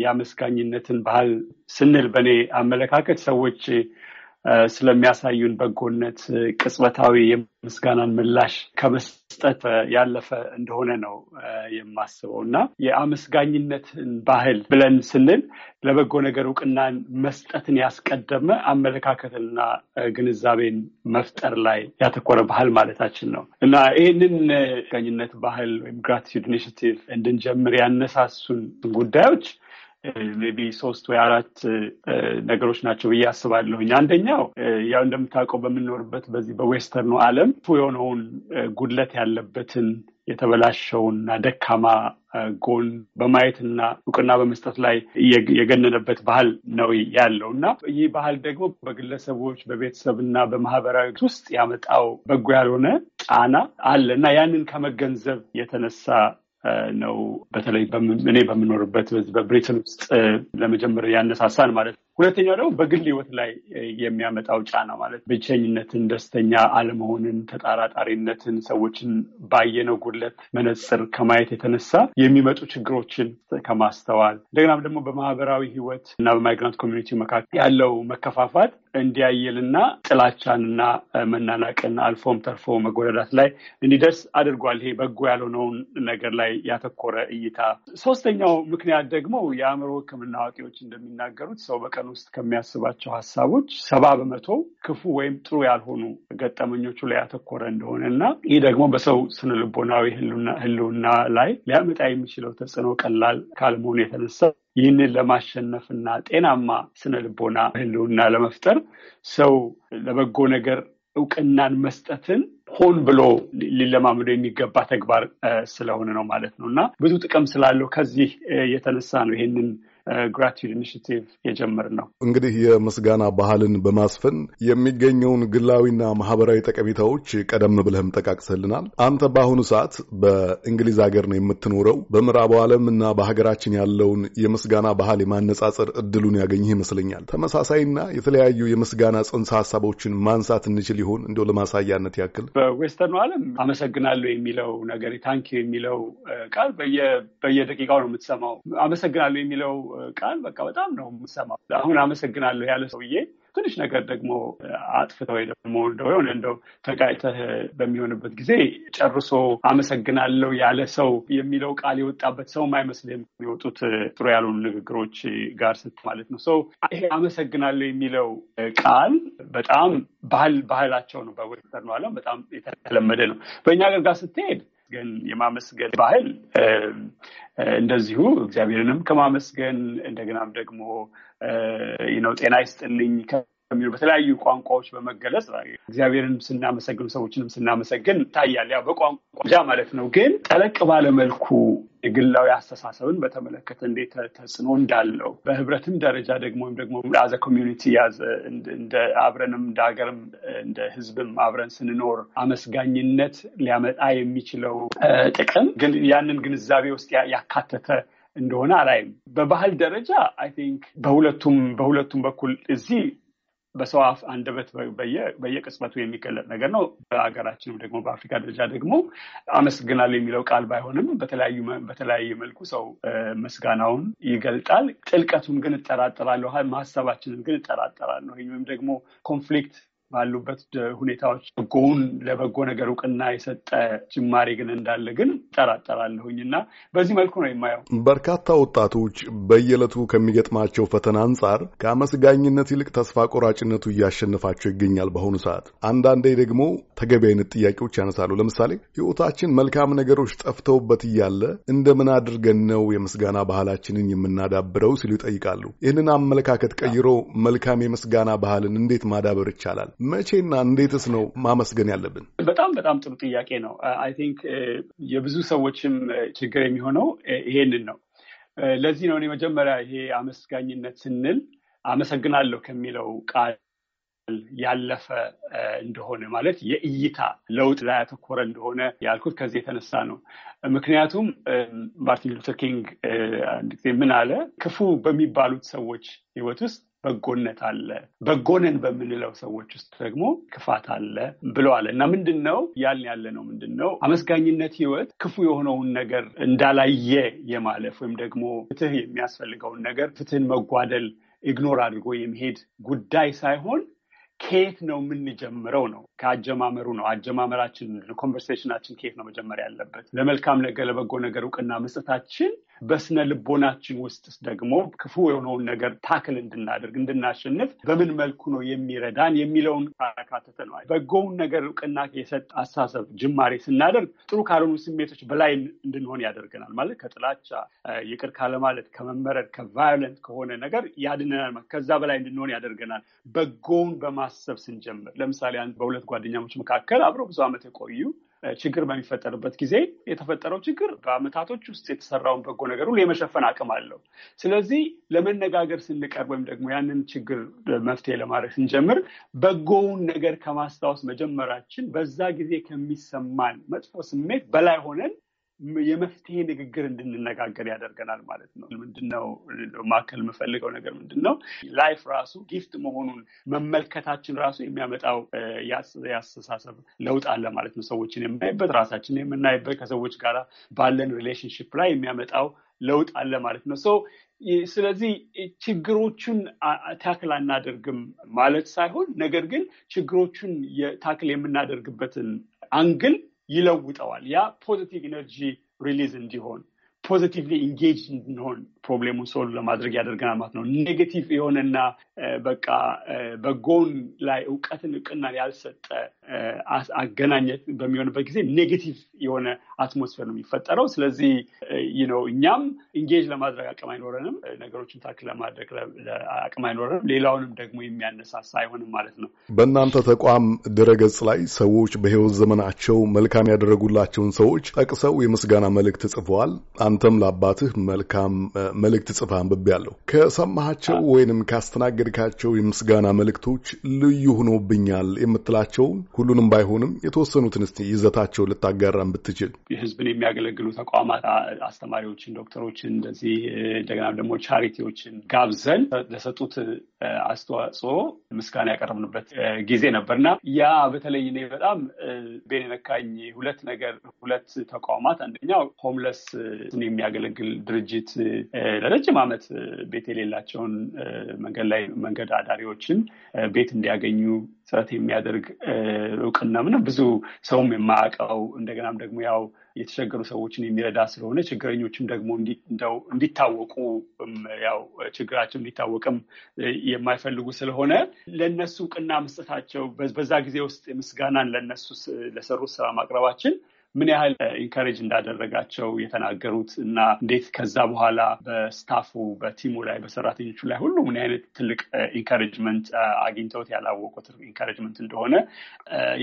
የአመስጋኝነትን ባህል ስንል በእኔ አመለካከት ሰዎች ስለሚያሳዩን በጎነት ቅጽበታዊ የምስጋናን ምላሽ ከመስጠት ያለፈ እንደሆነ ነው የማስበው እና የአመስጋኝነትን ባህል ብለን ስንል ለበጎ ነገር እውቅናን መስጠትን ያስቀደመ አመለካከትና ግንዛቤን መፍጠር ላይ ያተኮረ ባህል ማለታችን ነው እና ይህንን ጋኝነት ባህል ወይም ግራቲቲዩድ ኢኒሽቲቭ እንድንጀምር ያነሳሱን ጉዳዮች ቢ ሶስት ወይ አራት ነገሮች ናቸው ብዬ አስባለሁኝ። አንደኛው ያው እንደምታውቀው በምንኖርበት በዚህ በዌስተርኑ ዓለም የሆነውን ጉድለት ያለበትን የተበላሸውና ደካማ ጎን በማየትና እውቅና በመስጠት ላይ የገነነበት ባህል ነው ያለው እና ይህ ባህል ደግሞ በግለሰቦች በቤተሰብና በማህበራዊ ውስጥ ያመጣው በጎ ያልሆነ ጫና አለ እና ያንን ከመገንዘብ የተነሳ ነው። በተለይ እኔ በምኖርበት በብሪትን ውስጥ ለመጀመር ያነሳሳን ማለት ነው። ሁለተኛው ደግሞ በግል ህይወት ላይ የሚያመጣው ጫና ማለት ብቸኝነትን፣ ደስተኛ አለመሆንን፣ ተጠራጣሪነትን ሰዎችን ባየነው ጉድለት መነጽር ከማየት የተነሳ የሚመጡ ችግሮችን ከማስተዋል እንደገናም ደግሞ በማህበራዊ ህይወት እና በማይግራንት ኮሚኒቲ መካከል ያለው መከፋፋት እንዲያየልና ጥላቻንና መናናቅን አልፎም ተርፎ መጎዳዳት ላይ እንዲደርስ አድርጓል። ይሄ በጎ ያልሆነውን ነገር ላይ ያተኮረ እይታ። ሶስተኛው ምክንያት ደግሞ የአእምሮ ህክምና አዋቂዎች እንደሚናገሩት ሰው በቀኑ ውስጥ ከሚያስባቸው ሀሳቦች ሰባ በመቶ ክፉ ወይም ጥሩ ያልሆኑ ገጠመኞቹ ላይ ያተኮረ እንደሆነ እና ይህ ደግሞ በሰው ስነልቦናዊ ህልውና ላይ ሊያመጣ የሚችለው ተጽዕኖ ቀላል ካለመሆኑ የተነሳ ይህንን ለማሸነፍና ጤናማ ስነልቦና ህልውና ለመፍጠር ሰው ለበጎ ነገር እውቅናን መስጠትን ሆን ብሎ ሊለማምዶ የሚገባ ተግባር ስለሆነ ነው ማለት ነው እና ብዙ ጥቅም ስላለው ከዚህ የተነሳ ነው ይህንን ግራቲዩድ ኢኒሽቲቭ የጀመር ነው። እንግዲህ የምስጋና ባህልን በማስፈን የሚገኘውን ግላዊና ማህበራዊ ጠቀሜታዎች ቀደም ብለህም ጠቃቅሰልናል። አንተ በአሁኑ ሰዓት በእንግሊዝ ሀገር ነው የምትኖረው። በምዕራቡ ዓለም እና በሀገራችን ያለውን የምስጋና ባህል የማነጻጸር እድሉን ያገኘህ ይመስለኛል። ተመሳሳይና የተለያዩ የምስጋና ጽንሰ ሀሳቦችን ማንሳት እንችል ይሆን? እንዲሁ ለማሳያነት ያክል በዌስተርኑ ዓለም አመሰግናለሁ የሚለው ነገር ታንኪ የሚለው ቃል በየደቂቃው ነው የምትሰማው። አመሰግናለሁ የሚለው ቃል በቃ በጣም ነው የምሰማው። አሁን አመሰግናለሁ ያለ ሰውዬ ትንሽ ነገር ደግሞ አጥፍተው ወይ ደግሞ እንደው የሆነ እንደው ተጋጭተህ በሚሆንበት ጊዜ ጨርሶ አመሰግናለሁ ያለ ሰው የሚለው ቃል የወጣበት ሰውም አይመስልህም። የሚወጡት ጥሩ ያሉን ንግግሮች ጋር ስት ማለት ነው። ሰው ይሄ አመሰግናለሁ የሚለው ቃል በጣም ባህል ባህላቸው ነው። ነው ዓለም በጣም የተለመደ ነው። በእኛ ሀገር ጋር ስትሄድ የማመስገን የማመስገን ባህል እንደዚሁ እግዚአብሔርንም ከማመስገን እንደገናም ደግሞ ነው ጤና ይስጥልኝ ከሚሉ በተለያዩ ቋንቋዎች በመገለጽ እግዚአብሔርን ስናመሰግን ሰዎችንም ስናመሰግን ይታያል። ያው በቋንቋ ማለት ነው። ግን ጠለቅ ባለመልኩ የግላዊ አስተሳሰብን በተመለከተ እንዴት ተጽዕኖ እንዳለው በህብረትም ደረጃ ደግሞ ወይም ደግሞ አዘ ኮሚኒቲ ያዘ እንደ አብረንም እንደ ሀገርም እንደ ህዝብም አብረን ስንኖር አመስጋኝነት ሊያመጣ የሚችለው ጥቅም ግን ያንን ግንዛቤ ውስጥ ያካተተ እንደሆነ አላይም። በባህል ደረጃ አይ ቲንክ በሁለቱም በሁለቱም በኩል እዚህ በሰው አፍ አንደበት በየቅጽበቱ የሚገለጥ ነገር ነው። በሀገራችንም ደግሞ በአፍሪካ ደረጃ ደግሞ አመስግናል የሚለው ቃል ባይሆንም በተለያየ መልኩ ሰው ምስጋናውን ይገልጣል። ጥልቀቱን ግን እጠራጠራለሁ፣ ማሰባችንን ግን እጠራጠራለሁ ወይም ደግሞ ኮንፍሊክት ባሉበት ሁኔታዎች በጎውን ለበጎ ነገር እውቅና የሰጠ ጅማሬ ግን እንዳለ ግን ጠራጠራለሁኝ እና በዚህ መልኩ ነው የማየው። በርካታ ወጣቶች በየዕለቱ ከሚገጥማቸው ፈተና አንጻር ከአመስጋኝነት ይልቅ ተስፋ ቆራጭነቱ እያሸነፋቸው ይገኛል። በአሁኑ ሰዓት አንዳንዴ ደግሞ ተገቢ አይነት ጥያቄዎች ያነሳሉ። ለምሳሌ ሕይወታችን መልካም ነገሮች ጠፍተውበት እያለ እንደምን አድርገን ነው የምስጋና ባህላችንን የምናዳብረው ሲሉ ይጠይቃሉ። ይህንን አመለካከት ቀይሮ መልካም የምስጋና ባህልን እንዴት ማዳበር ይቻላል? መቼና እንዴትስ ነው ማመስገን ያለብን? በጣም በጣም ጥሩ ጥያቄ ነው። አይ ቲንክ የብዙ ሰዎችም ችግር የሚሆነው ይሄንን ነው። ለዚህ ነው እኔ መጀመሪያ ይሄ አመስጋኝነት ስንል አመሰግናለሁ ከሚለው ቃል ያለፈ እንደሆነ ማለት የእይታ ለውጥ ላይ ያተኮረ እንደሆነ ያልኩት ከዚህ የተነሳ ነው። ምክንያቱም ማርቲን ሉተር ኪንግ አንድ ጊዜ ምን አለ፣ ክፉ በሚባሉት ሰዎች ሕይወት ውስጥ በጎነት አለ። በጎነን በምንለው ሰዎች ውስጥ ደግሞ ክፋት አለ ብለዋል እና ምንድን ነው ያልን ያለ ነው ምንድን ነው አመስጋኝነት ህይወት ክፉ የሆነውን ነገር እንዳላየ የማለፍ ወይም ደግሞ ፍትህ የሚያስፈልገውን ነገር ፍትህን መጓደል ኢግኖር አድርጎ የመሄድ ጉዳይ ሳይሆን ከየት ነው የምንጀምረው ነው ከአጀማመሩ ነው አጀማመራችን ኮንቨርሴሽናችን ከየት ነው መጀመር ያለበት ለመልካም ነገር ለበጎ ነገር እውቅና መስጠታችን በስነ ልቦናችን ውስጥ ደግሞ ክፉ የሆነውን ነገር ታክል እንድናደርግ እንድናሸንፍ በምን መልኩ ነው የሚረዳን የሚለውን ካካተተ ነው። በጎውን ነገር እውቅና የሰጥ አስተሳሰብ ጅማሬ ስናደርግ ጥሩ ካልሆኑ ስሜቶች በላይ እንድንሆን ያደርገናል። ማለት ከጥላቻ ይቅር ካለማለት፣ ከመመረድ፣ ከቫዮለንት ከሆነ ነገር ያድነናል። ከዛ በላይ እንድንሆን ያደርገናል። በጎውን በማሰብ ስንጀምር ለምሳሌ በሁለት ጓደኛሞች መካከል አብረው ብዙ ዓመት የቆዩ ችግር በሚፈጠርበት ጊዜ የተፈጠረው ችግር በአመታቶች ውስጥ የተሰራውን በጎ ነገር ሁሉ የመሸፈን አቅም አለው። ስለዚህ ለመነጋገር ስንቀርብ ወይም ደግሞ ያንን ችግር መፍትሄ ለማድረግ ስንጀምር በጎውን ነገር ከማስታወስ መጀመራችን በዛ ጊዜ ከሚሰማን መጥፎ ስሜት በላይ ሆነን የመፍትሄ ንግግር እንድንነጋገር ያደርገናል ማለት ነው። ምንድነው ማከል የምፈልገው ነገር ምንድን ነው? ላይፍ ራሱ ጊፍት መሆኑን መመልከታችን ራሱ የሚያመጣው የአስተሳሰብ ለውጥ አለ ማለት ነው። ሰዎችን የምናይበት፣ ራሳችን የምናይበት፣ ከሰዎች ጋር ባለን ሪሌሽንሽፕ ላይ የሚያመጣው ለውጥ አለ ማለት ነው። ሰው ስለዚህ ችግሮቹን ታክል አናደርግም ማለት ሳይሆን ነገር ግን ችግሮቹን ታክል የምናደርግበትን አንግል ይለውጠዋል። ያ ፖዘቲቭ ኢነርጂ ሪሊዝ እንዲሆን ፖዘቲቭሊ ኢንጌጅ እንድንሆን ፕሮብሌሙን ሶል ለማድረግ ያደርገናል ማለት ነው። ኔጌቲቭ የሆነና በቃ በጎን ላይ እውቀትን እውቅናን ያልሰጠ አገናኘት በሚሆንበት ጊዜ ኔጌቲቭ የሆነ አትሞስፌር ነው የሚፈጠረው። ስለዚህ ነው እኛም ኢንጌጅ ለማድረግ አቅም አይኖረንም፣ ነገሮችን ታክል ለማድረግ አቅም አይኖረንም። ሌላውንም ደግሞ የሚያነሳሳ አይሆንም ማለት ነው። በእናንተ ተቋም ድረገጽ ላይ ሰዎች በህይወት ዘመናቸው መልካም ያደረጉላቸውን ሰዎች ጠቅሰው የምስጋና መልእክት ጽፈዋል። አንተም ለአባትህ መልካም መልእክት ጽፋ አንብቤያለሁ። ከሰማሃቸው ወይንም ካስተናገድካቸው የምስጋና መልእክቶች ልዩ ሆኖብኛል የምትላቸውን ሁሉንም ባይሆንም የተወሰኑትን እስቲ ይዘታቸው ልታጋራን ብትችል። ህዝብን የሚያገለግሉ ተቋማት አስተማሪዎችን፣ ዶክተሮችን፣ እንደዚህ እንደገና ደግሞ ቻሪቲዎችን ጋብዘን ለሰጡት አስተዋጽኦ ምስጋና ያቀረብንበት ጊዜ ነበር ያ በተለይ እኔ በጣም ቤን የነካኝ ሁለት ነገር ሁለት ተቋማት አንደኛው ሆምለስ የሚያገለግል ድርጅት ለረጅም ዓመት ቤት የሌላቸውን መንገድ ላይ መንገድ አዳሪዎችን ቤት እንዲያገኙ ጥረት የሚያደርግ እውቅና ምንም ብዙ ሰውም የማያውቀው እንደገናም ደግሞ ያው የተቸገሩ ሰዎችን የሚረዳ ስለሆነ ችግረኞችም ደግሞ እንዲታወቁ ያው ችግራቸው እንዲታወቅም የማይፈልጉ ስለሆነ ለእነሱ እውቅና መስጠታቸው በዛ ጊዜ ውስጥ ምስጋናን ለነሱ ለሰሩት ስራ ማቅረባችን ምን ያህል ኢንካሬጅ እንዳደረጋቸው የተናገሩት እና እንዴት ከዛ በኋላ በስታፉ በቲሙ ላይ በሰራተኞቹ ላይ ሁሉ ምን አይነት ትልቅ ኢንካሬጅመንት አግኝተውት ያላወቁት ኢንካሬጅመንት እንደሆነ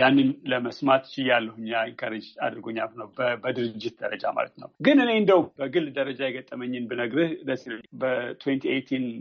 ያንን ለመስማት ችያለሁኛ። ኢንካሬጅ አድርጎኛል ነው በድርጅት ደረጃ ማለት ነው። ግን እኔ እንደው በግል ደረጃ የገጠመኝን ብነግርህ ደስ ይለኝ በ ይመስለኛል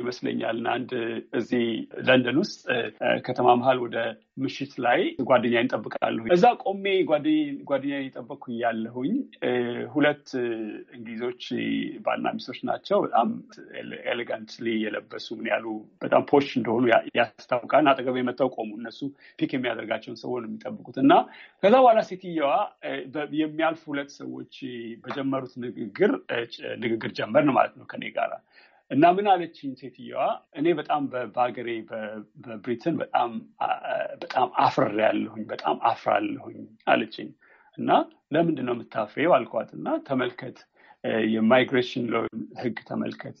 ይመስለኛል አንድ እዚህ ለንደን ውስጥ ከተማ መሀል ወደ ምሽት ላይ ጓደኛ ይጠብቃለሁ። እዛ ቆሜ ጓደኛ ይጠበቅኩ እያለሁኝ ሁለት እንግሊዞች ባልና ሚስቶች ናቸው። በጣም ኤሌጋንትሊ የለበሱ ምን ያሉ በጣም ፖሽ እንደሆኑ ያስታውቃል። አጠገብ የመጣው ቆሙ። እነሱ ፒክ የሚያደርጋቸውን ሰው ነው የሚጠብቁት እና ከዛ በኋላ ሴትየዋ የሚያልፉ ሁለት ሰዎች በጀመሩት ንግግር ንግግር ጀመርን ማለት ነው ከኔ ጋራ እና ምን አለችኝ ሴትየዋ፣ እኔ በጣም በሀገሬ በብሪትን በጣም በጣም አፍር ያለሁኝ በጣም አፍራለሁኝ አለችኝ። እና ለምንድን ነው የምታፍሬው አልኳት። እና ተመልከት የማይግሬሽን ህግ ተመልከት፣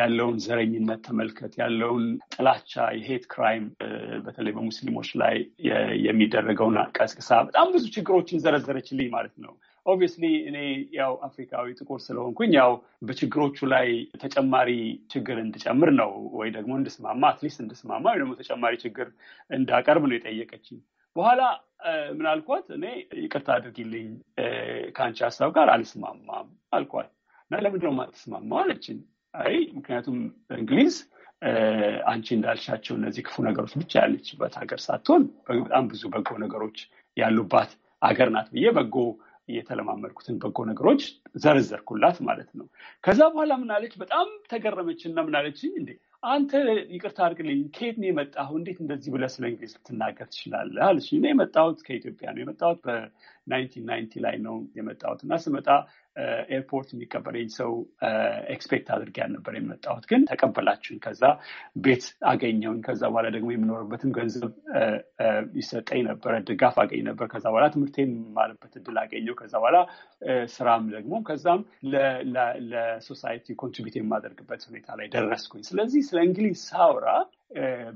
ያለውን ዘረኝነት ተመልከት፣ ያለውን ጥላቻ፣ የሄት ክራይም በተለይ በሙስሊሞች ላይ የሚደረገውን ቀስቅሳ በጣም ብዙ ችግሮችን ዘረዘረችልኝ ማለት ነው። ኦብቪየስሊ እኔ ያው አፍሪካዊ ጥቁር ስለሆንኩኝ ያው በችግሮቹ ላይ ተጨማሪ ችግር እንድጨምር ነው ወይ ደግሞ እንድስማማ አትሊስት እንድስማማ ወይ ደግሞ ተጨማሪ ችግር እንዳቀርብ ነው የጠየቀችኝ። በኋላ ምናልኳት እኔ ይቅርታ አድርጊልኝ ከአንቺ ሀሳብ ጋር አልስማማም አልኳት እና ለምንድነው የማትስማማው አለችኝ። አይ ምክንያቱም እንግሊዝ አንቺ እንዳልሻቸው እነዚህ ክፉ ነገሮች ብቻ ያለችበት ሀገር ሳትሆን በጣም ብዙ በጎ ነገሮች ያሉባት ሀገር ናት ብዬ በጎ የተለማመድኩትን በጎ ነገሮች ዘረዘርኩላት ማለት ነው። ከዛ በኋላ ምናለች በጣም ተገረመች እና ምናለች እንዴ አንተ ይቅርታ አድርግልኝ፣ ከየት ነው የመጣሁ? እንዴት እንደዚህ ብለህ ስለ እንግሊዝ ልትናገር ትችላለህ? አለች። እኔ የመጣሁት ከኢትዮጵያ ነው የመጣሁት በ ላይ ነው የመጣሁት እና ስመጣ ኤርፖርት የሚቀበለኝ ሰው ኤክስፔክት አድርጌ ነበር የመጣሁት፣ ግን ተቀበላችሁኝ ከዛ ቤት አገኘውን። ከዛ በኋላ ደግሞ የምኖርበትም ገንዘብ ይሰጠኝ ነበረ፣ ድጋፍ አገኝ ነበር። ከዛ በኋላ ትምህርቴን የማልበት እድል አገኘው። ከዛ በኋላ ስራም ደግሞ ከዛም ለሶሳይቲ ኮንትሪቢት የማደርግበት ሁኔታ ላይ ደረስኩኝ። ስለዚህ ስለ እንግሊዝ ሳውራ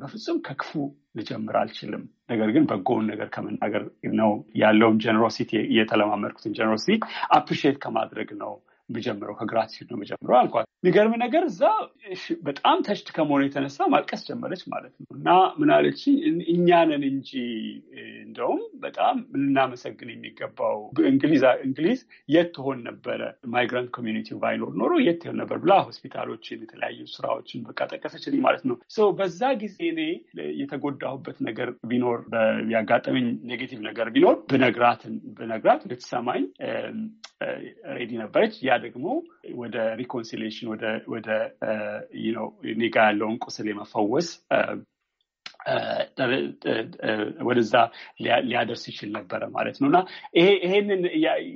በፍጹም ከክፉ ልጀምር አልችልም። ነገር ግን በጎውን ነገር ከመናገር ነው ያለውን ጀነሮሲቲ የተለማመድኩትን ጀነሮሲቲ አፕሪሺየት ከማድረግ ነው የምጀምረው ከግራት ሲል ነው የምጀምረው አልኳት። የሚገርም ነገር እዛ በጣም ተሽት ከመሆኑ የተነሳ ማልቀስ ጀመረች ማለት ነው። እና ምናለች እኛንን እንጂ እንደውም በጣም ልናመሰግን የሚገባው እንግሊዝ የት ትሆን ነበረ ማይግራንት ኮሚኒቲ ባይኖር ኖሮ የት ትሆን ነበር ብላ ሆስፒታሎችን፣ የተለያዩ ስራዎችን በቃ ጠቀሰችልኝ ማለት ነው። በዛ ጊዜ እኔ የተጎዳሁበት ነገር ቢኖር ያጋጠመኝ ኔጌቲቭ ነገር ቢኖር ብነግራት ብነግራት ልትሰማኝ ሬዲ ነበረች። ደግሞ ወደ ሪኮንሲሌሽን ወደ uh, ኔጋ ያለውን ቁስል የመፈወስ uh, ወደዛ ሊያደርስ ይችል ነበረ ማለት ነው እና ይሄንን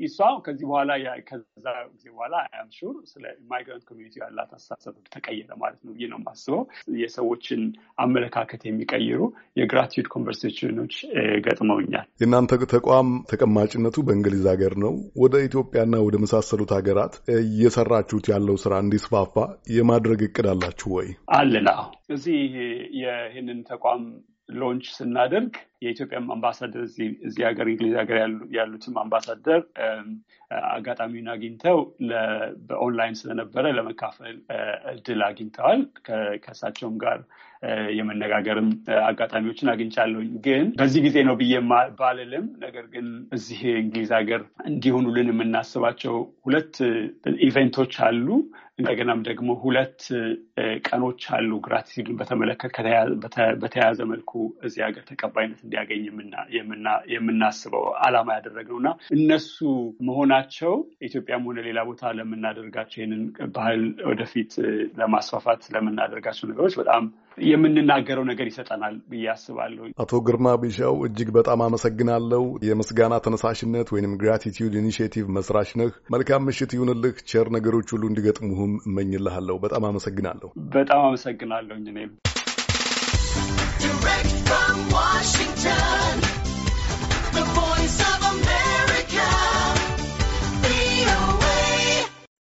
እሷ ከዚህ በኋላ ከዛ ጊዜ በኋላ አም ሹር ስለ ማይግራንት ኮሚኒቲ ያላት አስተሳሰብ ተቀየረ ማለት ነው ብዬ ነው የማስበው። የሰዎችን አመለካከት የሚቀይሩ የግራቲዩድ ኮንቨርሴሽኖች ገጥመውኛል። የእናንተ ተቋም ተቀማጭነቱ በእንግሊዝ ሀገር ነው። ወደ ኢትዮጵያና ወደ መሳሰሉት ሀገራት እየሰራችሁት ያለው ስራ እንዲስፋፋ የማድረግ እቅድ አላችሁ ወይ? አለን። እዚህ ይህንን ተቋም ሎንች ስናደርግ የኢትዮጵያ አምባሳደር እዚህ ሀገር እንግሊዝ ሀገር ያሉትም አምባሳደር አጋጣሚውን አግኝተው በኦንላይን ስለነበረ ለመካፈል እድል አግኝተዋል። ከእሳቸውም ጋር የመነጋገርም አጋጣሚዎችን አግኝቻለሁኝ። ግን በዚህ ጊዜ ነው ብዬ ባልልም፣ ነገር ግን እዚህ እንግሊዝ ሀገር እንዲሆኑልን የምናስባቸው ሁለት ኢቨንቶች አሉ። እንደገናም ደግሞ ሁለት ቀኖች አሉ ግራቲቲዩድን በተመለከት በተያያዘ መልኩ እዚህ ሀገር ተቀባይነት እንዲያገኝ የምናስበው ያደረግ ነው እና እነሱ መሆናቸው ኢትዮጵያም ሆነ ሌላ ቦታ ለምናደርጋቸው ይህንን ባህል ወደፊት ለማስፋፋት ለምናደርጋቸው ነገሮች በጣም የምንናገረው ነገር ይሰጠናል ብዬ አስባለሁ። አቶ ግርማ ቢሻው እጅግ በጣም አመሰግናለሁ። የምስጋና ተነሳሽነት ወይም ግራቲቲዩድ ኢኒሽቲቭ መስራች ነህ። መልካም ምሽት ይሁንልህ። ቸር ነገሮች ሁሉ እንዲገጥሙህም መልካሙንም እመኝልሃለሁ። በጣም አመሰግናለሁ። በጣም አመሰግናለሁ እንጂ